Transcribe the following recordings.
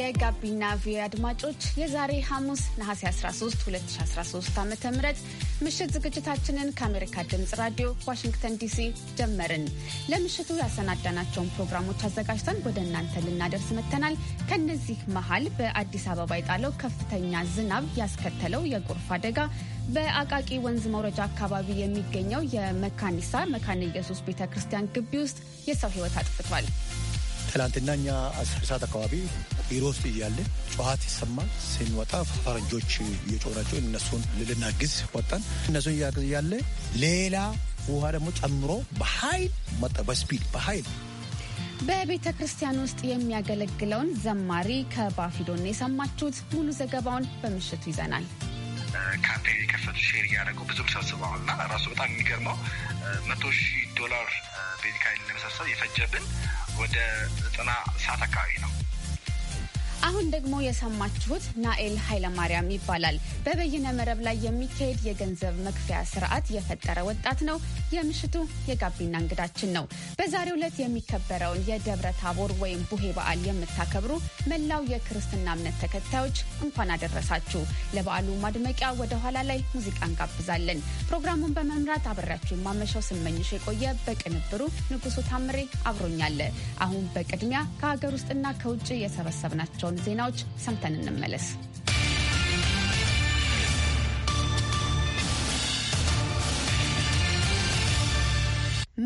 የጋቢና ቪ አድማጮች የዛሬ ሐሙስ ነሐሴ 13 2013 ዓ ም ምሽት ዝግጅታችንን ከአሜሪካ ድምፅ ራዲዮ ዋሽንግተን ዲሲ ጀመርን። ለምሽቱ ያሰናዳናቸውን ፕሮግራሞች አዘጋጅተን ወደ እናንተ ልናደርስ መጥተናል። ከነዚህ መሀል በአዲስ አበባ የጣለው ከፍተኛ ዝናብ ያስከተለው የጎርፍ አደጋ በአቃቂ ወንዝ መውረጃ አካባቢ የሚገኘው የመካኒሳ መካነ ኢየሱስ ቤተ ክርስቲያን ግቢ ውስጥ የሰው ሕይወት አጥፍቷል። ትላንትና እኛ አስር ሰዓት አካባቢ ቢሮ ውስጥ እያለ ጨዋት ይሰማል። ስንወጣ ፈረንጆች እየጮራቸው እነሱን ልናግዝ ወጣን። እነሱን እያለ ሌላ ውሃ ደግሞ ጨምሮ በኃይል መጣ። በስፒድ በኃይል በቤተ ክርስቲያን ውስጥ የሚያገለግለውን ዘማሪ ከባፊዶን የሰማችሁት። ሙሉ ዘገባውን በምሽቱ ይዘናል። ካምፔን የከፈቱ ሼር እያደረጉ ብዙም ሰብስበዋል ሰብስበዋልና ራሱ በጣም የሚገርመው መቶ ሺህ ዶላር ቤዚካሊ ለመሰብሰብ የፈጀብን ወደ ዘጠና ሰዓት አካባቢ ነው። አሁን ደግሞ የሰማችሁት ናኤል ኃይለማርያም ይባላል። በበይነ መረብ ላይ የሚካሄድ የገንዘብ መክፈያ ስርዓት የፈጠረ ወጣት ነው። የምሽቱ የጋቢና እንግዳችን ነው። በዛሬው ዕለት የሚከበረውን የደብረ ታቦር ወይም ቡሄ በዓል የምታከብሩ መላው የክርስትና እምነት ተከታዮች እንኳን አደረሳችሁ። ለበዓሉ ማድመቂያ ወደ ኋላ ላይ ሙዚቃ እንጋብዛለን። ፕሮግራሙን በመምራት አብሬያችሁ የማመሻው ስመኝሽ የቆየ፣ በቅንብሩ ንጉሱ ታምሬ አብሮኛለ። አሁን በቅድሚያ ከሀገር ውስጥና ከውጭ የሰበሰብናቸው ያሰናዳቸውን ዜናዎች ሰምተን እንመለስ።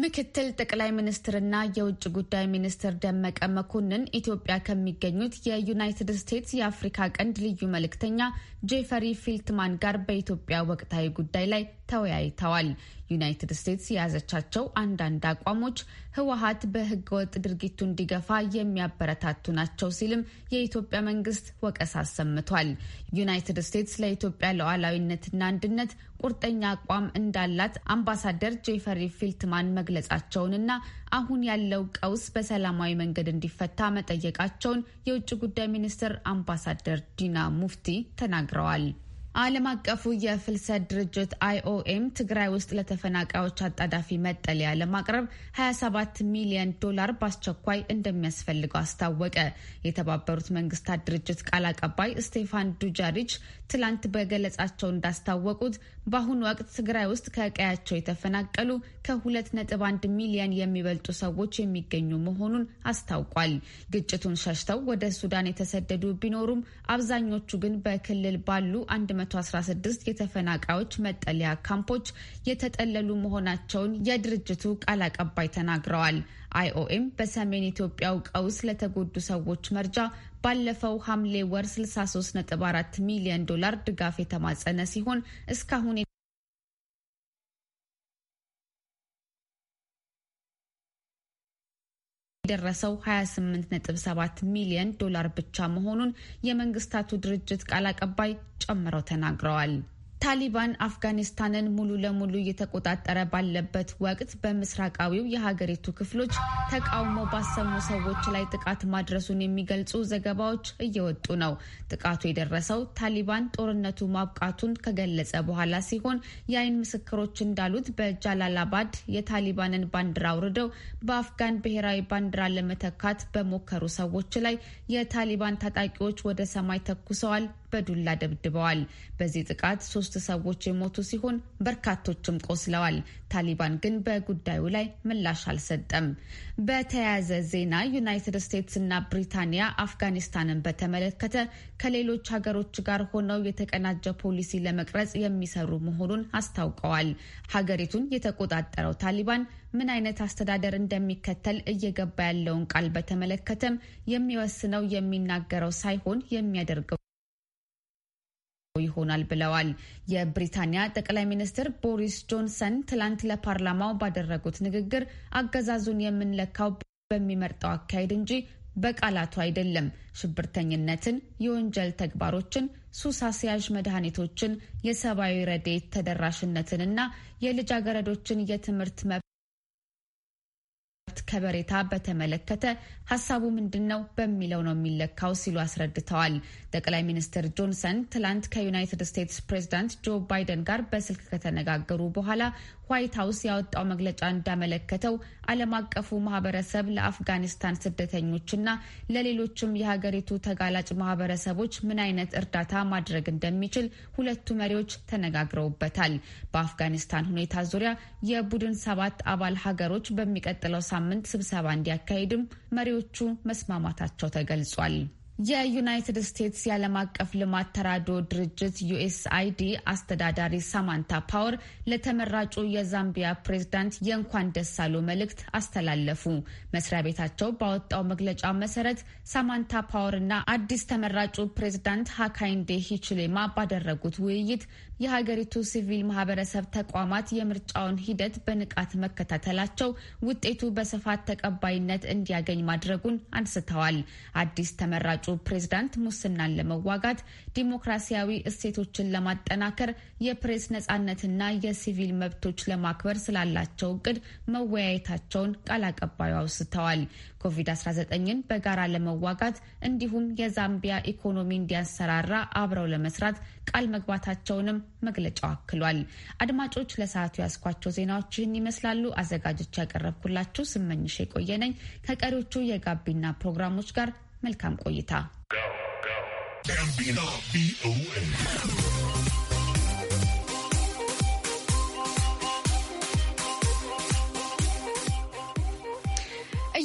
ምክትል ጠቅላይ ሚኒስትርና የውጭ ጉዳይ ሚኒስትር ደመቀ መኮንን ኢትዮጵያ ከሚገኙት የዩናይትድ ስቴትስ የአፍሪካ ቀንድ ልዩ መልእክተኛ ጄፈሪ ፊልትማን ጋር በኢትዮጵያ ወቅታዊ ጉዳይ ላይ ተወያይተዋል። ዩናይትድ ስቴትስ የያዘቻቸው አንዳንድ አቋሞች ህወሀት በህገወጥ ድርጊቱ እንዲገፋ የሚያበረታቱ ናቸው ሲልም የኢትዮጵያ መንግስት ወቀሳ አሰምቷል። ዩናይትድ ስቴትስ ለኢትዮጵያ ሉዓላዊነትና አንድነት ቁርጠኛ አቋም እንዳላት አምባሳደር ጄፈሪ ፊልትማን መግለጻቸውንና አሁን ያለው ቀውስ በሰላማዊ መንገድ እንዲፈታ መጠየቃቸውን የውጭ ጉዳይ ሚኒስትር አምባሳደር ዲና ሙፍቲ ተናግረዋል። ዓለም አቀፉ የፍልሰት ድርጅት አይኦኤም ትግራይ ውስጥ ለተፈናቃዮች አጣዳፊ መጠለያ ለማቅረብ 27 ሚሊዮን ዶላር በአስቸኳይ እንደሚያስፈልገው አስታወቀ። የተባበሩት መንግስታት ድርጅት ቃል አቀባይ ስቴፋን ዱጃሪች ትላንት በገለጻቸው እንዳስታወቁት በአሁኑ ወቅት ትግራይ ውስጥ ከቀያቸው የተፈናቀሉ ከ2.1 ሚሊዮን የሚበልጡ ሰዎች የሚገኙ መሆኑን አስታውቋል። ግጭቱን ሸሽተው ወደ ሱዳን የተሰደዱ ቢኖሩም አብዛኞቹ ግን በክልል ባሉ 116 የተፈናቃዮች መጠለያ ካምፖች የተጠለሉ መሆናቸውን የድርጅቱ ቃል አቀባይ ተናግረዋል። አይኦኤም በሰሜን ኢትዮጵያው ቀውስ ለተጎዱ ሰዎች መርጃ ባለፈው ሐምሌ ወር 63.4 ሚሊዮን ዶላር ድጋፍ የተማጸነ ሲሆን እስካሁን የደረሰው 28.7 ሚሊዮን ዶላር ብቻ መሆኑን የመንግስታቱ ድርጅት ቃል አቀባይ ጨምረው ተናግረዋል። ታሊባን አፍጋኒስታንን ሙሉ ለሙሉ እየተቆጣጠረ ባለበት ወቅት በምስራቃዊው የሀገሪቱ ክፍሎች ተቃውሞ ባሰሙ ሰዎች ላይ ጥቃት ማድረሱን የሚገልጹ ዘገባዎች እየወጡ ነው። ጥቃቱ የደረሰው ታሊባን ጦርነቱ ማብቃቱን ከገለጸ በኋላ ሲሆን የአይን ምስክሮች እንዳሉት በጃላላባድ የታሊባንን ባንዲራ አውርደው በአፍጋን ብሔራዊ ባንዲራ ለመተካት በሞከሩ ሰዎች ላይ የታሊባን ታጣቂዎች ወደ ሰማይ ተኩሰዋል በዱላ ደብድበዋል። በዚህ ጥቃት ሶስት ሰዎች የሞቱ ሲሆን በርካቶችም ቆስለዋል። ታሊባን ግን በጉዳዩ ላይ ምላሽ አልሰጠም። በተያያዘ ዜና ዩናይትድ ስቴትስ እና ብሪታንያ አፍጋኒስታንን በተመለከተ ከሌሎች ሀገሮች ጋር ሆነው የተቀናጀ ፖሊሲ ለመቅረጽ የሚሰሩ መሆኑን አስታውቀዋል። ሀገሪቱን የተቆጣጠረው ታሊባን ምን አይነት አስተዳደር እንደሚከተል እየገባ ያለውን ቃል በተመለከተም የሚወስነው የሚናገረው ሳይሆን የሚያደርገው ይሆናል ብለዋል። የብሪታንያ ጠቅላይ ሚኒስትር ቦሪስ ጆንሰን ትላንት ለፓርላማው ባደረጉት ንግግር አገዛዙን የምንለካው በሚመርጠው አካሄድ እንጂ በቃላቱ አይደለም፣ ሽብርተኝነትን፣ የወንጀል ተግባሮችን፣ ሱስ አስያዥ መድኃኒቶችን፣ የሰብአዊ ረዴት ተደራሽነትንና የልጃገረዶችን የትምህርት መ ከበሬታ በተመለከተ ሀሳቡ ምንድን ነው በሚለው ነው የሚለካው ሲሉ አስረድተዋል። ጠቅላይ ሚኒስትር ጆንሰን ትላንት ከዩናይትድ ስቴትስ ፕሬዚዳንት ጆ ባይደን ጋር በስልክ ከተነጋገሩ በኋላ ዋይት ሀውስ ያወጣው መግለጫ እንዳመለከተው ዓለም አቀፉ ማህበረሰብ ለአፍጋኒስታን ስደተኞችና ለሌሎችም የሀገሪቱ ተጋላጭ ማህበረሰቦች ምን አይነት እርዳታ ማድረግ እንደሚችል ሁለቱ መሪዎች ተነጋግረውበታል። በአፍጋኒስታን ሁኔታ ዙሪያ የቡድን ሰባት አባል ሀገሮች በሚቀጥለው ሳምንት ስብሰባ እንዲያካሂድም መሪዎቹ መስማማታቸው ተገልጿል። የዩናይትድ ስቴትስ የዓለም አቀፍ ልማት ተራድኦ ድርጅት ዩኤስአይዲ አስተዳዳሪ ሳማንታ ፓወር ለተመራጩ የዛምቢያ ፕሬዝዳንት የእንኳን ደስ አሉ መልእክት አስተላለፉ። መስሪያ ቤታቸው ባወጣው መግለጫ መሰረት ሳማንታ ፓወር እና አዲስ ተመራጩ ፕሬዝዳንት ሀካይንዴ ሂችሌማ ባደረጉት ውይይት የሀገሪቱ ሲቪል ማህበረሰብ ተቋማት የምርጫውን ሂደት በንቃት መከታተላቸው ውጤቱ በስፋት ተቀባይነት እንዲያገኝ ማድረጉን አንስተዋል። አዲስ ተመራጩ ፕሬዝዳንት ሙስናን ለመዋጋት ዲሞክራሲያዊ እሴቶችን ለማጠናከር የፕሬስ ነጻነትና የሲቪል መብቶች ለማክበር ስላላቸው እቅድ መወያየታቸውን ቃል አቀባዩ አውስተዋል። ኮቪድ-19ን በጋራ ለመዋጋት እንዲሁም የዛምቢያ ኢኮኖሚ እንዲያሰራራ አብረው ለመስራት ቃል መግባታቸውንም መግለጫው አክሏል። አድማጮች ለሰዓቱ ያስኳቸው ዜናዎች ይህን ይመስላሉ። አዘጋጆች ያቀረብኩላችሁ ስመኝሽ የቆየ ነኝ። ከቀሪዎቹ የጋቢና ፕሮግራሞች ጋር መልካም ቆይታ።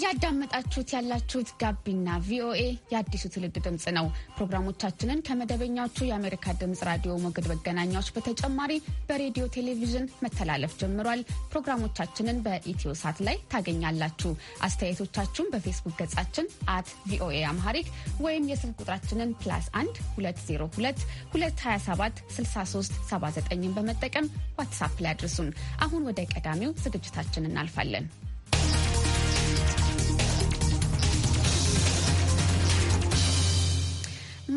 እያዳመጣችሁት ያላችሁት ጋቢና ቪኦኤ የአዲሱ ትውልድ ድምፅ ነው። ፕሮግራሞቻችንን ከመደበኛዎቹ የአሜሪካ ድምፅ ራዲዮ ሞገድ መገናኛዎች በተጨማሪ በሬዲዮ ቴሌቪዥን መተላለፍ ጀምሯል። ፕሮግራሞቻችንን በኢትዮ ሳት ላይ ታገኛላችሁ። አስተያየቶቻችሁን በፌስቡክ ገጻችን አት ቪኦኤ አምሃሪክ ወይም የስልክ ቁጥራችንን ፕላስ 1 202 227 6379 በመጠቀም ዋትሳፕ ላይ አድርሱን። አሁን ወደ ቀዳሚው ዝግጅታችን እናልፋለን።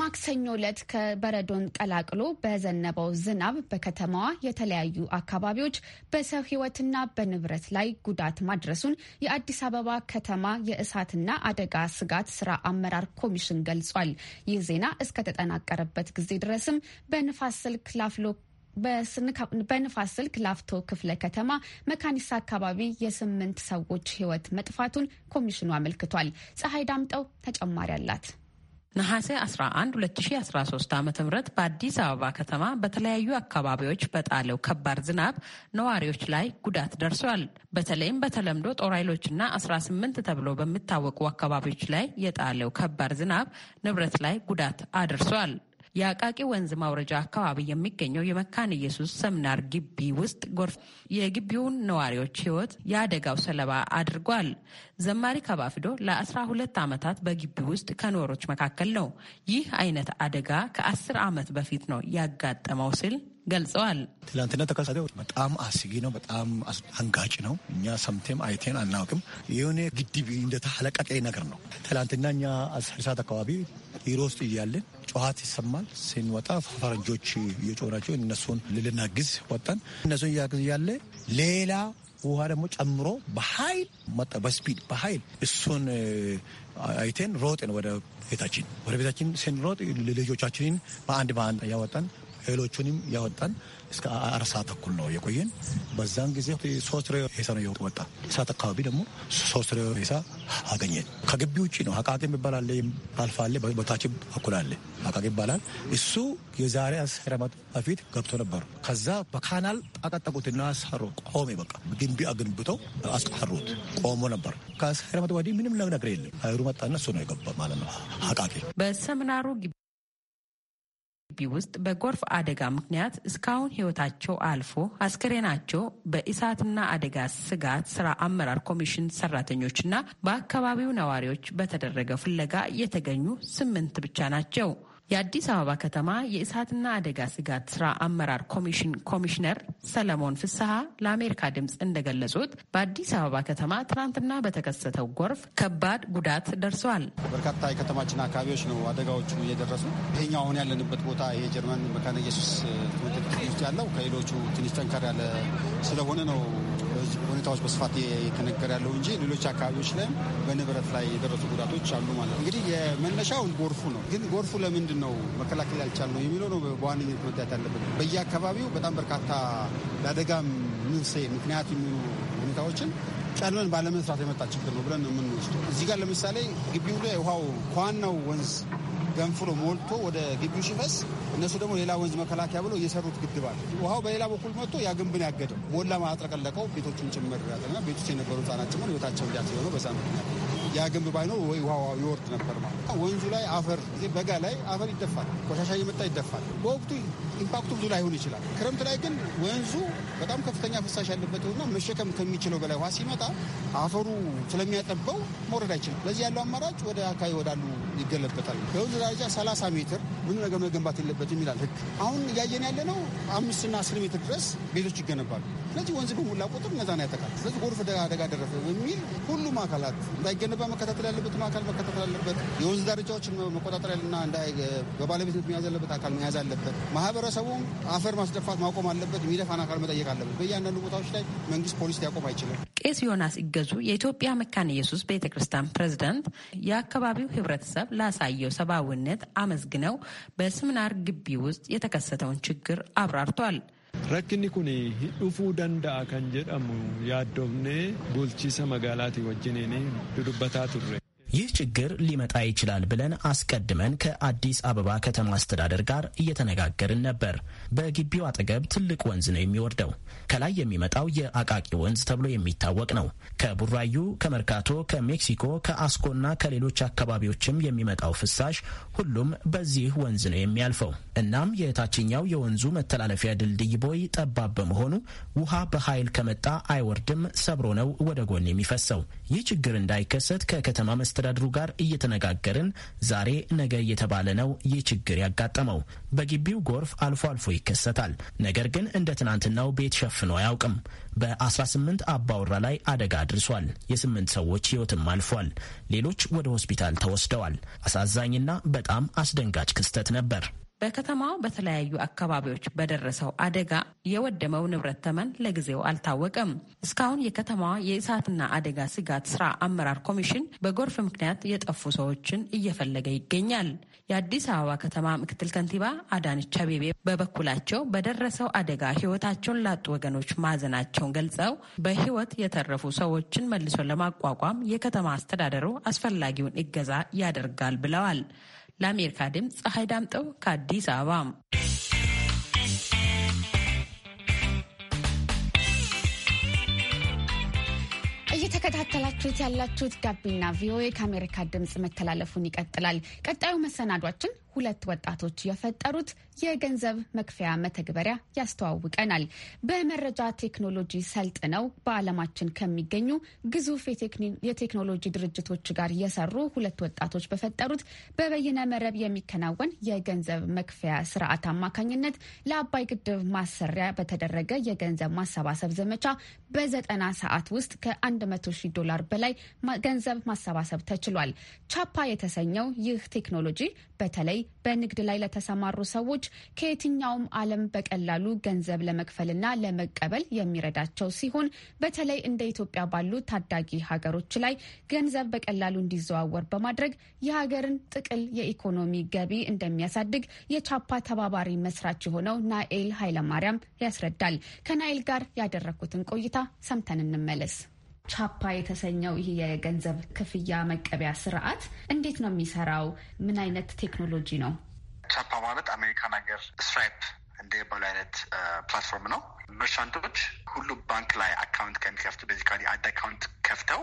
ማክሰኞ ዕለት ከበረዶን ቀላቅሎ በዘነበው ዝናብ በከተማዋ የተለያዩ አካባቢዎች በሰው ሕይወትና በንብረት ላይ ጉዳት ማድረሱን የአዲስ አበባ ከተማ የእሳትና አደጋ ስጋት ስራ አመራር ኮሚሽን ገልጿል። ይህ ዜና እስከተጠናቀረበት ጊዜ ድረስም በንፋስ ስልክ ላፍሎ በንፋስ ስልክ ላፍቶ ክፍለ ከተማ መካኒሳ አካባቢ የስምንት ሰዎች ሕይወት መጥፋቱን ኮሚሽኑ አመልክቷል። ፀሐይ ዳምጠው ተጨማሪ አላት። ነሐሴ 11 2013 ዓ ም በአዲስ አበባ ከተማ በተለያዩ አካባቢዎች በጣለው ከባድ ዝናብ ነዋሪዎች ላይ ጉዳት ደርሷል። በተለይም በተለምዶ ጦር ኃይሎችና 18 ተብሎ በሚታወቁ አካባቢዎች ላይ የጣለው ከባድ ዝናብ ንብረት ላይ ጉዳት አድርሷል። የአቃቂ ወንዝ ማውረጃ አካባቢ የሚገኘው የመካነ ኢየሱስ ሰምናር ግቢ ውስጥ ጎርፍ የግቢውን ነዋሪዎች ሕይወት የአደጋው ሰለባ አድርጓል። ዘማሪ ከባፍዶ ለአስራ ሁለት ዓመታት በግቢ ውስጥ ከኖሮች መካከል ነው። ይህ አይነት አደጋ ከአስር ዓመት በፊት ነው ያጋጠመው ስል ገልጸዋል። ትላንትና ተከሰተው በጣም አስጊ ነው። በጣም አንጋጭ ነው። እኛ ሰምቴም አይቴን አናውቅም። የሆነ ግድብ እንደተለቀቀ ነገር ነው። ትላንትና እኛ አስር ሰዓት አካባቢ ቢሮ ውስጥ እያለን ጨዋት ይሰማል። ስንወጣ ፈረንጆች እየጮራቸው እነሱን ልልናግዝ ወጣን። እነሱን እያግዝ እያለ ሌላ ውሃ ደግሞ ጨምሮ በኃይል መጣ። በስፒድ በኃይል እሱን አይቴን ሮጥን ወደ ቤታችን። ወደ ቤታችን ስንሮጥ ልጆቻችንን በአንድ በአንድ እያወጣን ሌሎቹንም ያወጣን እስከ አራት ሰዓት ተኩል ነው የቆየን። በዛን ጊዜ ሶስት ሬሳ ነው የወጡ ወጣ እሳት አካባቢ ደግሞ ሶስት ሬሳ አገኘን። ከግቢ ውጭ ነው አቃቂ የሚባል አለ፣ አልፋ አለ፣ በታች በኩል አለ አቃቂ ይባላል። እሱ የዛሬ አስር ዓመት በፊት ገብቶ ነበሩ። ከዛ በካናል አቀጠቁትና አስሩ። ቆሜ በቃ ግንቢ አገንብተው አስቀሩት። ቆሞ ነበር። ከአስር ዓመት ወዲህ ምንም ነገር የለም። ሀይሩ መጣና እሱ ነው የገባ ማለት ነው አቃቂ በሰምናሩ ግቢ ውስጥ በጎርፍ አደጋ ምክንያት እስካሁን ህይወታቸው አልፎ አስክሬናቸው በእሳትና አደጋ ስጋት ስራ አመራር ኮሚሽን ሰራተኞችና በአካባቢው ነዋሪዎች በተደረገ ፍለጋ የተገኙ ስምንት ብቻ ናቸው። የአዲስ አበባ ከተማ የእሳትና አደጋ ስጋት ስራ አመራር ኮሚሽን ኮሚሽነር ሰለሞን ፍስሐ ለአሜሪካ ድምፅ እንደገለጹት በአዲስ አበባ ከተማ ትናንትና በተከሰተው ጎርፍ ከባድ ጉዳት ደርሰዋል። በርካታ የከተማችን አካባቢዎች ነው አደጋዎቹ እየደረሱ። ይሄኛው አሁን ያለንበት ቦታ የጀርመን መካነ ኢየሱስ ትምህርት ቤት ውስጥ ያለው ከሌሎቹ ትንሽ ጠንከር ያለ ስለሆነ ነው ሁኔታዎች በስፋት የተነገረ ያለው እንጂ ሌሎች አካባቢዎች ላይም በንብረት ላይ የደረሱ ጉዳቶች አሉ ማለት ነው። እንግዲህ የመነሻውን ጎርፉ ነው። ግን ጎርፉ ለምንድን ነው መከላከል ነው የሚለው ነው በዋነኝነት መታየት ያለበት። በየአካባቢው በጣም በርካታ ለአደጋ መንስኤ ምክንያት የሚሆኑ ሁኔታዎችን ቀድመን ባለመስራት የመጣ ችግር ነው ብለን ነው የምንወስደው። እዚህ ጋር ለምሳሌ ግቢው ላይ ውሃው ከዋናው ወንዝ ገንፍሎ ሞልቶ ወደ ግቢው ሲፈስ እነሱ ደግሞ ሌላ ወንዝ መከላከያ ብለው እየሰሩት ግድባል። ውሃው በሌላ በኩል መጥቶ ያ ግንብን ያገደው ሞላ ማጥረቀለቀው ቤቶችን ጭምር ያገና ቤቶች የነበሩ ህጻናት ጭምር ህይወታቸው እንዲያት የሆነው በዛ ምክንያት ያ ግንብ ባይኖር ወይ ውሃ ይወርድ ነበር ማለት ወንዙ ላይ አፈር በጋ ላይ አፈር ይደፋል፣ ቆሻሻ እየመጣ ይደፋል። በወቅቱ ኢምፓክቱ ብዙ ላይሆን ይችላል። ክረምት ላይ ግን ወንዙ በጣም ከፍተኛ ፍሳሽ ያለበት እና መሸከም ከሚችለው በላይ ውሃ ሲመጣ አፈሩ ስለሚያጠበው መውረድ አይችልም። ለዚህ ያለው አማራጭ ወደ አካባቢ ወዳሉ ይገለበጣል። በሁሉ ደረጃ 30 ሜትር ምንም ነገር መገንባት የለበትም ይላል ህግ። አሁን እያየን ያለ ነው አምስትና አስር ሜትር ድረስ ቤቶች ይገነባሉ። ስለዚህ ወንዝ በሞላ ቁጥር እነዛን ያጠቃል። ስለዚህ ጎርፍ አደጋ ደረሰ በሚል ሁሉም አካላት እንዳይገነባ መከታተል ያለበት አካል መከታተል አለበት። የወንዝ ዳርቻዎችን ያለና በባለቤትነት መያዝ ያለበት አካል መያዝ አለበት። ማህበረሰቡም አፈር ማስደፋት ማቆም አለበት። የሚደፋን አካል መጠየቅ አለበት። በእያንዳንዱ ቦታዎች ላይ መንግስት ፖሊስ ሊያቆም አይችልም። ቄስ ዮናስ ይገዙ የኢትዮጵያ መካነ ኢየሱስ ቤተክርስቲያን ፕሬዚደንት የአካባቢው ህብረተሰብ ላሳየው ሰብአዊነት አመስግነው በስምናር ግቢ ውስጥ የተከሰተውን ችግር አብራርቷል። ረክኒ ኩኒ ዱፉ ደንዳአ ከን ጀደሙ ያዶምኔ ቡልቺሳ መጋላቲ ወጅኔን ዱዱበታ ቱሬ ይህ ችግር ሊመጣ ይችላል ብለን አስቀድመን ከአዲስ አበባ ከተማ አስተዳደር ጋር እየተነጋገርን ነበር። በግቢው አጠገብ ትልቅ ወንዝ ነው የሚወርደው። ከላይ የሚመጣው የአቃቂ ወንዝ ተብሎ የሚታወቅ ነው። ከቡራዩ፣ ከመርካቶ፣ ከሜክሲኮ፣ ከአስኮና ከሌሎች አካባቢዎችም የሚመጣው ፍሳሽ ሁሉም በዚህ ወንዝ ነው የሚያልፈው። እናም የታችኛው የወንዙ መተላለፊያ ድልድይ ቦይ ጠባብ በመሆኑ ውሃ በኃይል ከመጣ አይወርድም፣ ሰብሮ ነው ወደ ጎን የሚፈሰው። ይህ ችግር እንዳይከሰት ከከተማ መስተ አስተዳድሩ ጋር እየተነጋገርን ዛሬ ነገ እየተባለ ነው ይህ ችግር ያጋጠመው። በግቢው ጎርፍ አልፎ አልፎ ይከሰታል። ነገር ግን እንደ ትናንትናው ቤት ሸፍኖ አያውቅም። በ18 አባወራ ላይ አደጋ አድርሷል። የስምንት ሰዎች ሕይወትም አልፏል። ሌሎች ወደ ሆስፒታል ተወስደዋል። አሳዛኝና በጣም አስደንጋጭ ክስተት ነበር። በከተማዋ በተለያዩ አካባቢዎች በደረሰው አደጋ የወደመው ንብረት ተመን ለጊዜው አልታወቀም። እስካሁን የከተማዋ የእሳትና አደጋ ስጋት ስራ አመራር ኮሚሽን በጎርፍ ምክንያት የጠፉ ሰዎችን እየፈለገ ይገኛል። የአዲስ አበባ ከተማ ምክትል ከንቲባ አዳነች አቤቤ በበኩላቸው በደረሰው አደጋ ህይወታቸውን ላጡ ወገኖች ማዘናቸውን ገልጸው በህይወት የተረፉ ሰዎችን መልሶ ለማቋቋም የከተማ አስተዳደሩ አስፈላጊውን እገዛ ያደርጋል ብለዋል። ለአሜሪካ ድምፅ ፀሐይ ዳምጠው ከአዲስ አበባ። እየተከታተላችሁት ያላችሁት ጋቢና ቪኦኤ ከአሜሪካ ድምፅ መተላለፉን ይቀጥላል። ቀጣዩ መሰናዷችን ሁለት ወጣቶች የፈጠሩት የገንዘብ መክፈያ መተግበሪያ ያስተዋውቀናል። በመረጃ ቴክኖሎጂ ሰልጥነው በዓለማችን ከሚገኙ ግዙፍ የቴክኖሎጂ ድርጅቶች ጋር የሰሩ ሁለት ወጣቶች በፈጠሩት በበይነ መረብ የሚከናወን የገንዘብ መክፈያ ስርዓት አማካኝነት ለአባይ ግድብ ማሰሪያ በተደረገ የገንዘብ ማሰባሰብ ዘመቻ በዘጠና ሰዓት ውስጥ ከ100 ሺህ ዶላር በላይ ገንዘብ ማሰባሰብ ተችሏል። ቻፓ የተሰኘው ይህ ቴክኖሎጂ በተለይ በንግድ ላይ ለተሰማሩ ሰዎች ከየትኛውም ዓለም በቀላሉ ገንዘብ ለመክፈልና ለመቀበል የሚረዳቸው ሲሆን በተለይ እንደ ኢትዮጵያ ባሉ ታዳጊ ሀገሮች ላይ ገንዘብ በቀላሉ እንዲዘዋወር በማድረግ የሀገርን ጥቅል የኢኮኖሚ ገቢ እንደሚያሳድግ የቻፓ ተባባሪ መስራች የሆነው ናኤል ኃይለማርያም ያስረዳል። ከናኤል ጋር ያደረግኩትን ቆይታ ሰምተን እንመለስ። ቻፓ የተሰኘው ይህ የገንዘብ ክፍያ መቀበያ ስርዓት እንዴት ነው የሚሰራው? ምን አይነት ቴክኖሎጂ ነው? ቻፓ ማለት አሜሪካን ሀገር ስትራይፕ እንደ ባሉ አይነት ፕላትፎርም ነው። መርሻንቶች ሁሉ ባንክ ላይ አካውንት ከሚከፍቱ ቤዚካሊ አንድ አካውንት ከፍተው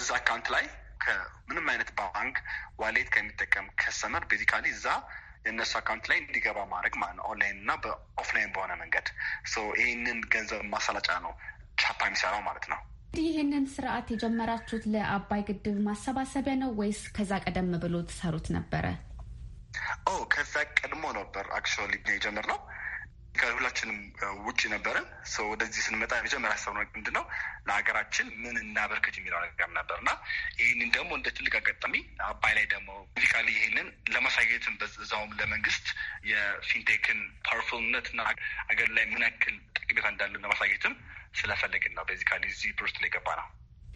እዛ አካውንት ላይ ከምንም አይነት ባንክ ዋሌት ከሚጠቀም ከሰመር ቤዚካሊ እዛ የእነሱ አካውንት ላይ እንዲገባ ማድረግ ማለት ነው። ኦንላይን እና በኦፍላይን በሆነ መንገድ ይህንን ገንዘብ ማሰላጫ ነው ቻፓ የሚሰራው ማለት ነው። ይህንን ስርዓት የጀመራችሁት ለአባይ ግድብ ማሰባሰቢያ ነው ወይስ ከዛ ቀደም ብሎ ትሰሩት ነበረ? ኦ ከዛ ቀድሞ ነበር አክቹዋሊ የጀመርነው ከሁላችንም ውጭ ነበረ። ወደዚህ ስንመጣ የመጀመሪያ ያሰብነው ምንድን ነው ለሀገራችን ምን እናበርክት የሚለው ነገር ነበር እና ይህንን ደግሞ እንደ ትልቅ አጋጣሚ አባይ ላይ ደግሞ ሙዚቃሊ ይህንን ለማሳየትም በዛውም ለመንግስት የፊንቴክን ፓወርፉልነት እና አገር ላይ ምን ያክል ጠቀሜታ እንዳለ ለማሳየትም ስለፈለግን ነው ቤዚካሊ እዚህ ፕሮጀክት ላይ ገባ ነው።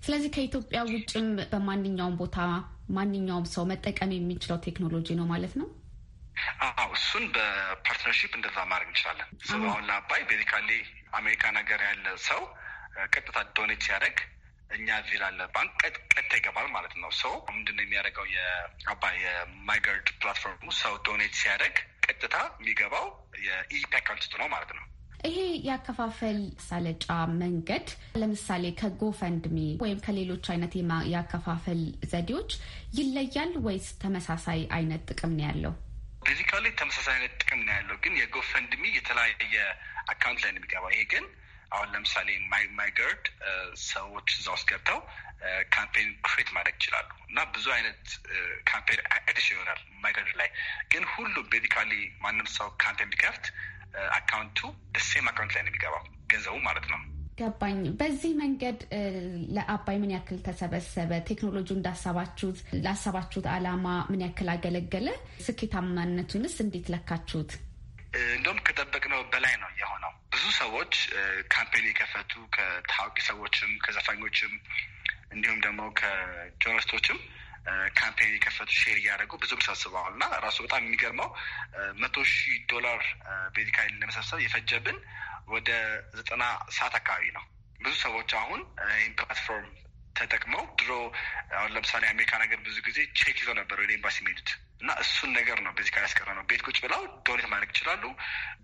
ስለዚህ ከኢትዮጵያ ውጭም በማንኛውም ቦታ ማንኛውም ሰው መጠቀም የሚችለው ቴክኖሎጂ ነው ማለት ነው። አዎ እሱን በፓርትነርሺፕ እንደዛ ማድረግ እንችላለን። ስለ አሁን ለአባይ ቤዚካሊ አሜሪካ ነገር ያለ ሰው ቀጥታ ዶኔት ሲያደርግ እኛ እዚህ ላለ ባንክ ቀጥታ ይገባል ማለት ነው። ሰው ምንድነው የሚያደርገው? የአባይ የማይገርድ ፕላትፎርሙ ሰው ዶኔት ሲያደርግ ቀጥታ የሚገባው የኢፒ አካውንት ነው ማለት ነው። ይሄ ያከፋፈል ሳለጫ መንገድ ለምሳሌ ከጎፈንድሚ ወይም ከሌሎች አይነት ያከፋፈል ዘዴዎች ይለያል ወይስ ተመሳሳይ አይነት ጥቅም ነው ያለው? ቤዚካሊ ተመሳሳይ አይነት ጥቅም ነው ያለው። ግን የጎፈንድሚ የተለያየ አካውንት ላይ ነው የሚገባው። ይሄ ግን አሁን ለምሳሌ ማይማይገርድ ሰዎች እዛ ውስጥ ገብተው ካምፔን ክሬት ማድረግ ይችላሉ እና ብዙ አይነት ካምፔን አዲስ ይሆናል ማይገርድ ላይ ግን ሁሉ ቤዚካሊ ማንም ሰው ካምፔን ቢከፍት አካውንቱ ደሴም አካውንት ላይ ነው የሚገባው ገንዘቡ ማለት ነው። ገባኝ። በዚህ መንገድ ለአባይ ምን ያክል ተሰበሰበ? ቴክኖሎጂ እንዳሰባችሁት ላሰባችሁት አላማ ምን ያክል አገለገለ? ስኬታማነቱንስ እንዴት ለካችሁት? እንደውም ከጠበቅነው በላይ ነው የሆነው። ብዙ ሰዎች ካምፔን የከፈቱ ከታዋቂ ሰዎችም ከዘፋኞችም እንዲሁም ደግሞ ከጆርናሊስቶችም ካምፔን የከፈቱ ሼር እያደረጉ ብዙ ብር ሰብስበዋል እና ራሱ በጣም የሚገርመው መቶ ሺህ ዶላር ቤዚካሊ ለመሰብሰብ የፈጀብን ወደ ዘጠና ሰዓት አካባቢ ነው። ብዙ ሰዎች አሁን ይህን ፕላትፎርም ተጠቅመው ድሮ አሁን ለምሳሌ አሜሪካ ነገር ብዙ ጊዜ ቼክ ይዘው ነበር ወደ ኤምባሲ የሚሄዱት እና እሱን ነገር ነው በዚህ ጋር ያስቀረ ነው። ቤት ቁጭ ብለው ዶኔት ማድረግ ይችላሉ።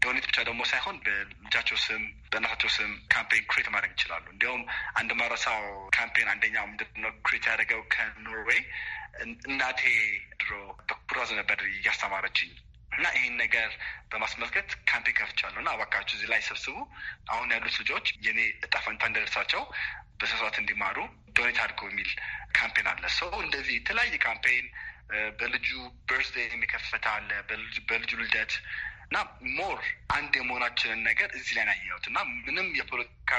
ዶኔት ብቻ ደግሞ ሳይሆን በልጃቸው ስም በእናታቸው ስም ካምፔን ክሬት ማድረግ ይችላሉ። እንዲያውም አንድ ማረሳው ካምፔን አንደኛው ምንድን ነው ክሬት ያደረገው ከኖርዌይ እናቴ ድሮ በኩራዝ ነበር እያስተማረችኝ እና ይህን ነገር በማስመልከት ካምፔን ከፍቻለሁ እና አባካችሁ እዚህ ላይ ሰብስቡ። አሁን ያሉት ልጆች የኔ እጣ ፈንታ እንደደርሳቸው በስፋት እንዲማሩ ዶኔት አድርገው የሚል ካምፔን አለ። ሰው እንደዚህ የተለያየ ካምፔን በልጁ በርዝዴ የሚከፈት አለ፣ በልጁ ልደት እና ሞር አንድ የመሆናችንን ነገር እዚህ ላይ ናየሁት እና ምንም የፖለቲካ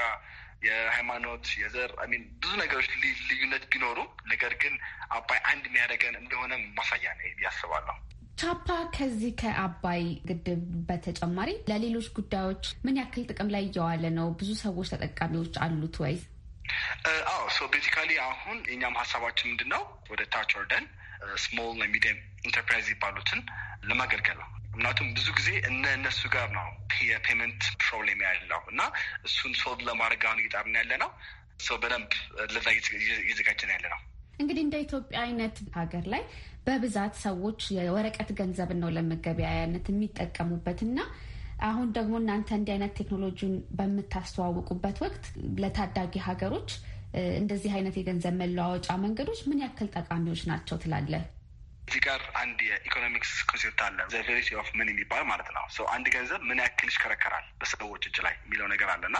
የሃይማኖት፣ የዘር አሚን ብዙ ነገሮች ልዩነት ቢኖሩ ነገር ግን አባይ አንድ የሚያደርገን እንደሆነ ማሳያ ነው ያስባለሁ። ቻፓ ከዚህ ከአባይ ግድብ በተጨማሪ ለሌሎች ጉዳዮች ምን ያክል ጥቅም ላይ እየዋለ ነው? ብዙ ሰዎች ተጠቃሚዎች አሉት ወይ? አዎ ሶ ቤዚካሊ አሁን የኛም ሀሳባችን ምንድን ነው ወደ ታች ወርደን ስሞል እና ሚዲየም ኢንተርፕራይዝ ይባሉትን ለማገልገል ነው። ምክንያቱም ብዙ ጊዜ እነ እነሱ ጋር ነው የፔመንት ፕሮብሌም ያለው እና እሱን ሶልቭ ለማድረግ አሁን እየጣርን ያለ ነው። በደንብ ለዛ እየዘጋጀን ያለ ነው። እንግዲህ እንደ ኢትዮጵያ አይነት ሀገር ላይ በብዛት ሰዎች የወረቀት ገንዘብን ነው ለመገበያያነት የሚጠቀሙበት እና አሁን ደግሞ እናንተ እንዲህ አይነት ቴክኖሎጂን በምታስተዋውቁበት ወቅት ለታዳጊ ሀገሮች እንደዚህ አይነት የገንዘብ መለዋወጫ መንገዶች ምን ያክል ጠቃሚዎች ናቸው ትላለህ? እዚህ ጋር አንድ የኢኮኖሚክስ ኮንሴፕት አለ ዘ ኦፍ ምን የሚባል ማለት ነው። አንድ ገንዘብ ምን ያክል ይሽከረከራል በሰዎች እጅ ላይ የሚለው ነገር አለ እና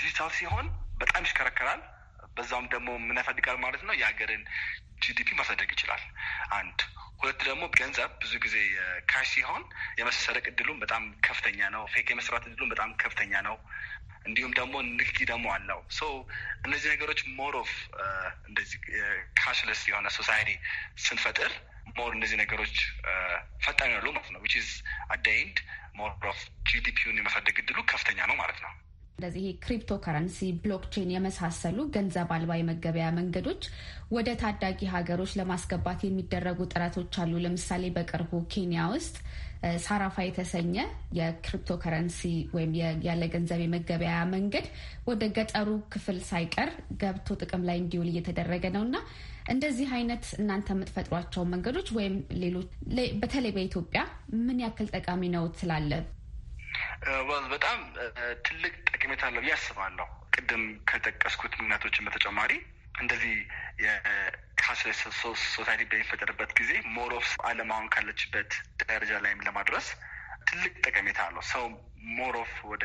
ዲጂታል ሲሆን በጣም ይሽከረከራል በዛውም ደግሞ የምነፈልጋል ማለት ነው የሀገርን ጂዲፒ ማሳደግ ይችላል። አንድ ሁለት ደግሞ ገንዘብ ብዙ ጊዜ ካሽ ሲሆን የመሰረቅ እድሉም በጣም ከፍተኛ ነው። ፌክ የመስራት እድሉም በጣም ከፍተኛ ነው። እንዲሁም ደግሞ ንግድ ደግሞ አለው። ሶ እነዚህ ነገሮች ሞር ኦፍ እንደዚህ ካሽለስ የሆነ ሶሳይቲ ስንፈጥር ሞር እነዚህ ነገሮች ፈጣን ያሉ ማለት ነው ዊች ኢዝ አት ሞር ኦፍ ጂዲፒውን የመሳደግ እድሉ ከፍተኛ ነው ማለት ነው። እንደዚህ ክሪፕቶ ከረንሲ፣ ብሎክቼን የመሳሰሉ ገንዘብ አልባ የመገበያ መንገዶች ወደ ታዳጊ ሀገሮች ለማስገባት የሚደረጉ ጥረቶች አሉ። ለምሳሌ በቅርቡ ኬንያ ውስጥ ሳራፋ የተሰኘ የክሪፕቶ ከረንሲ ወይም ያለ ገንዘብ የመገበያ መንገድ ወደ ገጠሩ ክፍል ሳይቀር ገብቶ ጥቅም ላይ እንዲውል እየተደረገ ነው እና እንደዚህ አይነት እናንተ የምትፈጥሯቸው መንገዶች ወይም ሌሎች በተለይ በኢትዮጵያ ምን ያክል ጠቃሚ ነው ትላለ? በጣም ትልቅ ጠቀሜታ አለው ብዬ አስባለሁ። ቅድም ከጠቀስኩት ምክንያቶችን በተጨማሪ እንደዚህ የካሽሌስ ሶሳይቲ በሚፈጠርበት ጊዜ ሞሮፍ ዓለም አሁን ካለችበት ደረጃ ላይም ለማድረስ ትልቅ ጠቀሜታ አለው። ሰው ሞሮፍ ወደ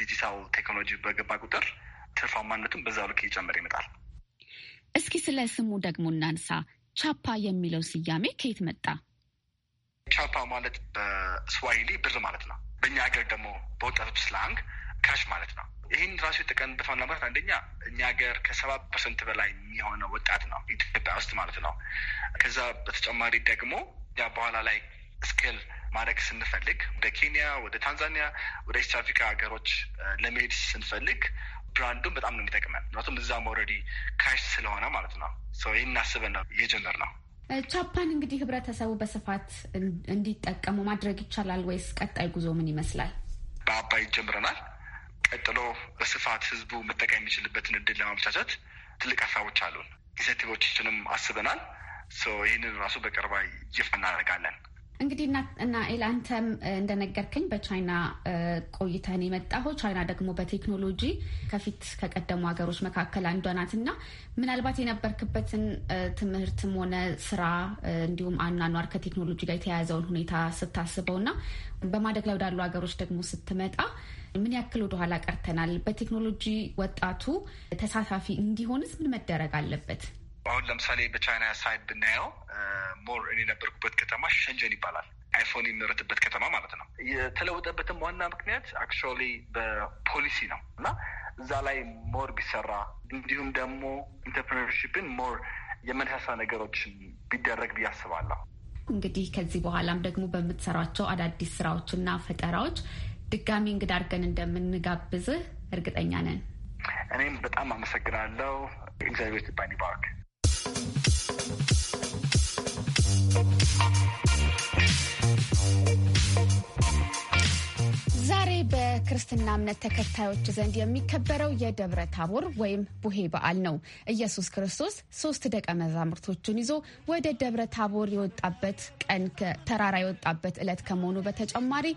ዲጂታል ቴክኖሎጂ በገባ ቁጥር ትርፋማነቱን በዛ ልክ እየጨመረ ይመጣል። እስኪ ስለ ስሙ ደግሞ እናንሳ። ቻፓ የሚለው ስያሜ ከየት መጣ? ቻፓ ማለት በስዋሂሊ ብር ማለት ነው። በእኛ ሀገር ደግሞ በወጣቶች ስላንግ ካሽ ማለት ነው። ይህን ራሱ የተቀንጥፈው ለማለት አንደኛ እኛ ሀገር ከሰባ ፐርሰንት በላይ የሚሆነ ወጣት ነው ኢትዮጵያ ውስጥ ማለት ነው። ከዛ በተጨማሪ ደግሞ ያ በኋላ ላይ ስኪል ማድረግ ስንፈልግ ወደ ኬንያ፣ ወደ ታንዛኒያ፣ ወደ ኢስት አፍሪካ ሀገሮች ለመሄድ ስንፈልግ ብራንዱን በጣም ነው የሚጠቅመን። ምክንያቱም እዛም ኦልሬዲ ካሽ ስለሆነ ማለት ነው። ይህን አስበን ነው እየጀመር ነው። ቻፓን እንግዲህ ህብረተሰቡ በስፋት እንዲጠቀሙ ማድረግ ይቻላል ወይስ ቀጣይ ጉዞ ምን ይመስላል? በአባይ ጀምረናል። ቀጥሎ በስፋት ህዝቡ መጠቀም የሚችልበትን እድል ለማመቻቸት ትልቅ ሀሳቦች አሉን። ኢንሴንቲቮችንም አስበናል። ይህንን ራሱ በቅርባ ይፋ እናደርጋለን። እንግዲህ እና ኤላንተም እንደነገርከኝ በቻይና ቆይተን የመጣሁ ቻይና ደግሞ በቴክኖሎጂ ከፊት ከቀደሙ ሀገሮች መካከል አንዷ ናት እና ምናልባት የነበርክበትን ትምህርትም ሆነ ስራ እንዲሁም አኗኗር ከቴክኖሎጂ ጋር የተያያዘውን ሁኔታ ስታስበው እና በማደግ ላይ ወዳሉ ሀገሮች ደግሞ ስትመጣ ምን ያክል ወደኋላ ቀርተናል? በቴክኖሎጂ ወጣቱ ተሳታፊ እንዲሆንስ ምን መደረግ አለበት? አሁን ለምሳሌ በቻይና ሳይድ ብናየው ሞር እኔ የነበርኩበት ከተማ ሸንጀን ይባላል። አይፎን የሚመረትበት ከተማ ማለት ነው። የተለወጠበትም ዋና ምክንያት አክቹዋሊ በፖሊሲ ነው እና እዛ ላይ ሞር ቢሰራ እንዲሁም ደግሞ ኢንተርፕሪነርሺፕን ሞር የመነሳሳ ነገሮች ቢደረግ ብዬ አስባለሁ። እንግዲህ ከዚህ በኋላም ደግሞ በምትሰራቸው አዳዲስ ስራዎችና ፈጠራዎች ድጋሚ እንግዳ አድርገን እንደምንጋብዝህ እርግጠኛ ነን። እኔም በጣም አመሰግናለሁ። እግዚአብሔር ይባርክ። Thank you. ዛሬ በክርስትና እምነት ተከታዮች ዘንድ የሚከበረው የደብረ ታቦር ወይም ቡሄ በዓል ነው። ኢየሱስ ክርስቶስ ሶስት ደቀ መዛሙርቶቹን ይዞ ወደ ደብረ ታቦር የወጣበት ቀን ተራራ የወጣበት ዕለት ከመሆኑ በተጨማሪ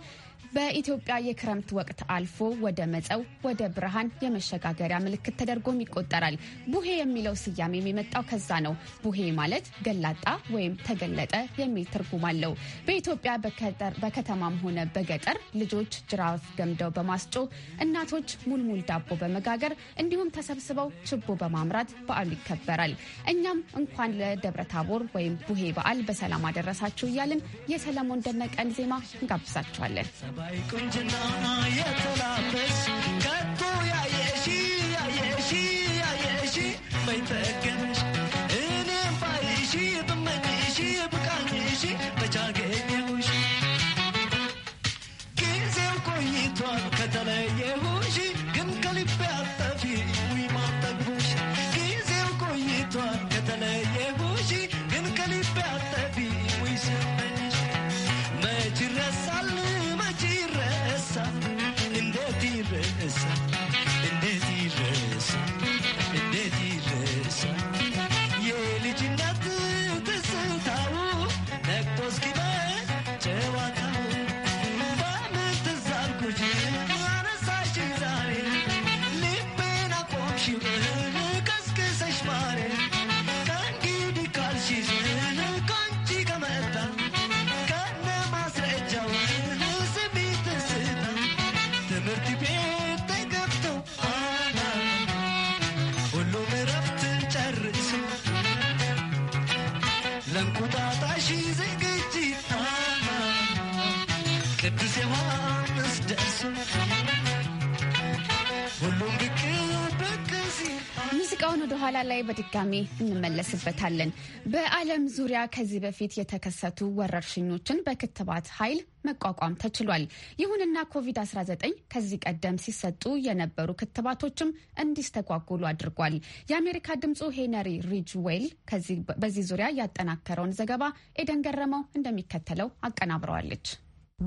በኢትዮጵያ የክረምት ወቅት አልፎ ወደ መጸው ወደ ብርሃን የመሸጋገሪያ ምልክት ተደርጎም ይቆጠራል። ቡሄ የሚለው ስያሜ የሚመጣው ከዛ ነው። ቡሄ ማለት ገላጣ ወይም ተገለጠ የሚል ትርጉም አለው። በኢትዮጵያ በከተማም ሆነ በገጠር ልጆች ራስ ገምደው በማስጮ እናቶች ሙልሙል ዳቦ በመጋገር እንዲሁም ተሰብስበው ችቦ በማምራት በዓሉ ይከበራል። እኛም እንኳን ለደብረ ታቦር ወይም ቡሄ በዓል በሰላም አደረሳችሁ እያልን የሰለሞን ደመቀን ዜማ እንጋብዛችኋለን። ሙዚቃውን ወደ ኋላ ላይ በድጋሚ እንመለስበታለን። በዓለም ዙሪያ ከዚህ በፊት የተከሰቱ ወረርሽኞችን በክትባት ኃይል መቋቋም ተችሏል። ይሁንና ኮቪድ-19 ከዚህ ቀደም ሲሰጡ የነበሩ ክትባቶችም እንዲስተጓጉሉ አድርጓል። የአሜሪካ ድምፁ ሄነሪ ሪጅ ዌል በዚህ ዙሪያ ያጠናከረውን ዘገባ ኤደን ገረመው እንደሚከተለው አቀናብረዋለች።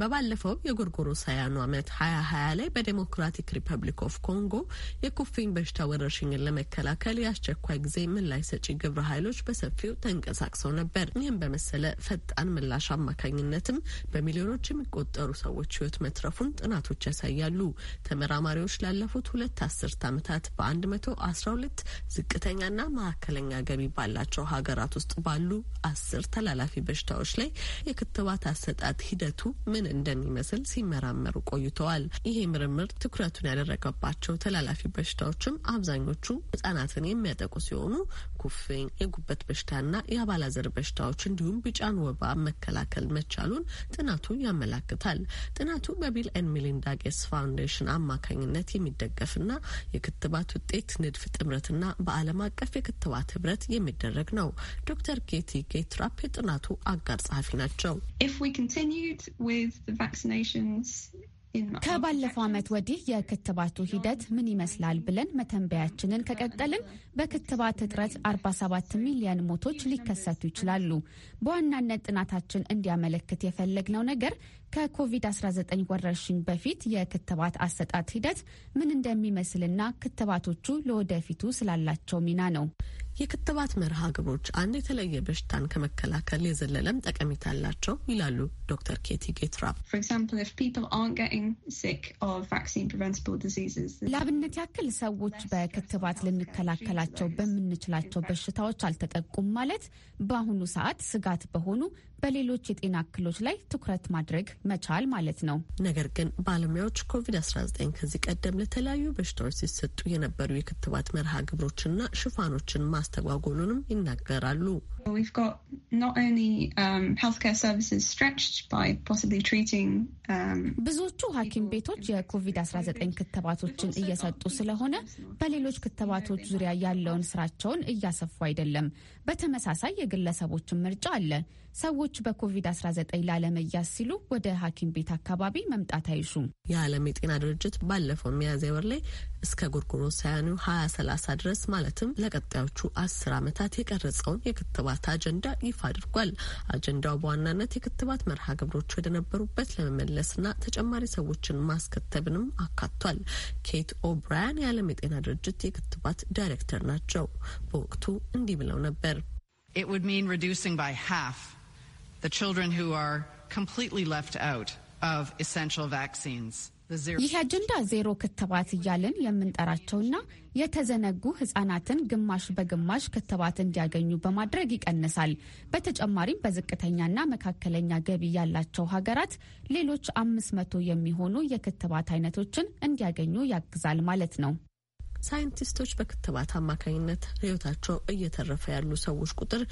በባለፈው የጎርጎሮሳውያኑ ዓመት 2020 ላይ በዴሞክራቲክ ሪፐብሊክ ኦፍ ኮንጎ የኩፍኝ በሽታ ወረርሽኝን ለመከላከል የአስቸኳይ ጊዜ ምላሽ ሰጪ ግብረ ኃይሎች በሰፊው ተንቀሳቅሰው ነበር። ይህም በመሰለ ፈጣን ምላሽ አማካኝነትም በሚሊዮኖች የሚቆጠሩ ሰዎች ሕይወት መትረፉን ጥናቶች ያሳያሉ። ተመራማሪዎች ላለፉት ሁለት አስርት ዓመታት በ112 ዝቅተኛና መካከለኛ ገቢ ባላቸው ሀገራት ውስጥ ባሉ አስር ተላላፊ በሽታዎች ላይ የክትባት አሰጣጥ ሂደቱ ምን ምን እንደሚመስል ሲመራመሩ ቆይተዋል። ይሄ ምርምር ትኩረቱን ያደረገባቸው ተላላፊ በሽታዎችም አብዛኞቹ ህጻናትን የሚያጠቁ ሲሆኑ ኩፍኝ፣ የጉበት በሽታና የአባላዘር በሽታዎች እንዲሁም ቢጫን ወባ መከላከል መቻሉን ጥናቱ ያመላክታል። ጥናቱ በቢል ኤን ሚሊንዳ ጌትስ ፋውንዴሽን አማካኝነት የሚደገፍና የክትባት ውጤት ንድፍ ጥምረትና በዓለም አቀፍ የክትባት ህብረት የሚደረግ ነው። ዶክተር ኬቲ ጌትራፕ የጥናቱ አጋር ጸሐፊ ናቸው። ከባለፈው ዓመት ወዲህ የክትባቱ ሂደት ምን ይመስላል ብለን መተንበያችንን ከቀጠልን በክትባት እጥረት 47 ሚሊዮን ሞቶች ሊከሰቱ ይችላሉ። በዋናነት ጥናታችን እንዲያመለክት የፈለግነው ነገር ከኮቪድ-19 ወረርሽኝ በፊት የክትባት አሰጣጥ ሂደት ምን እንደሚመስልና ክትባቶቹ ለወደፊቱ ስላላቸው ሚና ነው። የክትባት መርሃ ግብሮች አንድ የተለየ በሽታን ከመከላከል የዘለለም ጠቀሜታ አላቸው ይላሉ ዶክተር ኬቲ ጌትራፕ። ለአብነት ያክል ሰዎች በክትባት ልንከላከላቸው በምንችላቸው በሽታዎች አልተጠቁም ማለት በአሁኑ ሰዓት ስጋት በሆኑ በሌሎች የጤና እክሎች ላይ ትኩረት ማድረግ መቻል ማለት ነው። ነገር ግን ባለሙያዎች ኮቪድ-19 ከዚህ ቀደም ለተለያዩ በሽታዎች ሲሰጡ የነበሩ የክትባት መርሃ ግብሮችና ሽፋኖችን ማስተጓጎሉንም ይናገራሉ። um, um, ብዙዎቹ ሐኪም ቤቶች የኮቪድ-19 ክትባቶችን እየሰጡ ስለሆነ በሌሎች ክትባቶች ዙሪያ ያለውን ስራቸውን እያሰፉ አይደለም። በተመሳሳይ የግለሰቦችን ምርጫ አለ። ሰዎች በኮቪድ-19 ላለመያዝ ሲሉ ወደ ሐኪም ቤት አካባቢ መምጣት አይሹም። የዓለም የጤና ድርጅት ባለፈው ሚያዝያ ወር ላይ እስከ ጎርጎሮሳውያኑ 2030 ድረስ ማለትም ለቀጣዮቹ አስር ዓመታት የቀረጸውን የክትባት አጀንዳ ይፋ አድርጓል። አጀንዳው በዋናነት የክትባት መርሃ ግብሮች ወደነበሩበት ለመመለስና ተጨማሪ ሰዎችን ማስከተብንም አካቷል። ኬት ኦብራያን የዓለም የጤና ድርጅት የክትባት ዳይሬክተር ናቸው። በወቅቱ እንዲህ ብለው ነበር It would mean reducing by half the children who are completely left out of essential vaccines. ይህ አጀንዳ ዜሮ ክትባት እያለን የምንጠራቸውና የተዘነጉ ህጻናትን ግማሽ በግማሽ ክትባት እንዲያገኙ በማድረግ ይቀንሳል። በተጨማሪም በዝቅተኛና መካከለኛ ገቢ ያላቸው ሀገራት ሌሎች አምስት መቶ የሚሆኑ የክትባት አይነቶችን እንዲያገኙ ያግዛል ማለት ነው። ሳይንቲስቶች በክትባት አማካኝነት ህይወታቸው እየተረፈ ያሉ ሰዎች ቁጥር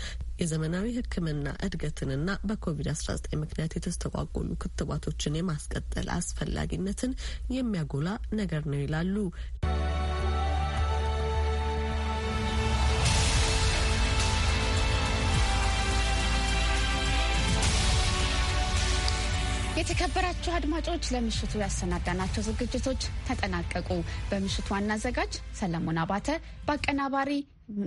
የዘመናዊ ሕክምና እድገትንና በኮቪድ-19 ምክንያት የተስተጓጎሉ ክትባቶችን የማስቀጠል አስፈላጊነትን የሚያጎላ ነገር ነው ይላሉ። የተከበራችሁ አድማጮች ለምሽቱ ያሰናዳናቸው ዝግጅቶች ተጠናቀቁ። በምሽቱ ዋና አዘጋጅ ሰለሞን አባተ፣ በአቀናባሪ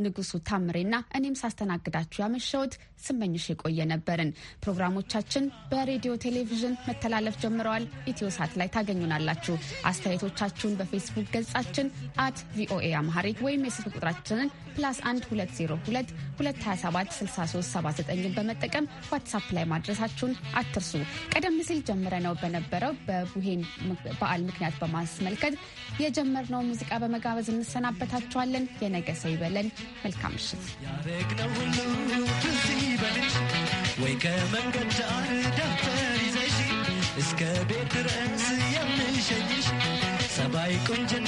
ንጉሱ ታምሬና እኔም ሳስተናግዳችሁ ያመሸሁት ስመኝሽ የቆየ ነበርን። ፕሮግራሞቻችን በሬዲዮ ቴሌቪዥን መተላለፍ ጀምረዋል። ኢትዮ ሳት ላይ ታገኙናላችሁ። አስተያየቶቻችሁን በፌስቡክ ገጻችን አት ቪኦኤ አማሐሪክ ወይም የስልክ ቁጥራችንን ፕላስ 1 202 227 6379 በመጠቀም ዋትሳፕ ላይ ማድረሳችሁን አትርሱ። ቀደም ሲል ጀምረነው በነበረው በቡሄን በዓል ምክንያት በማስመልከት የጀመርነው ሙዚቃ በመጋበዝ እንሰናበታችኋለን። የነገ ሰው ይበለን። መልካም ምሽት። በልጅ ወይ ከመንገድ ዳር ደብተር ይዘሽ እስከ ቤት ድረስ የምሸኝሽ ሰባይ ቁንጅና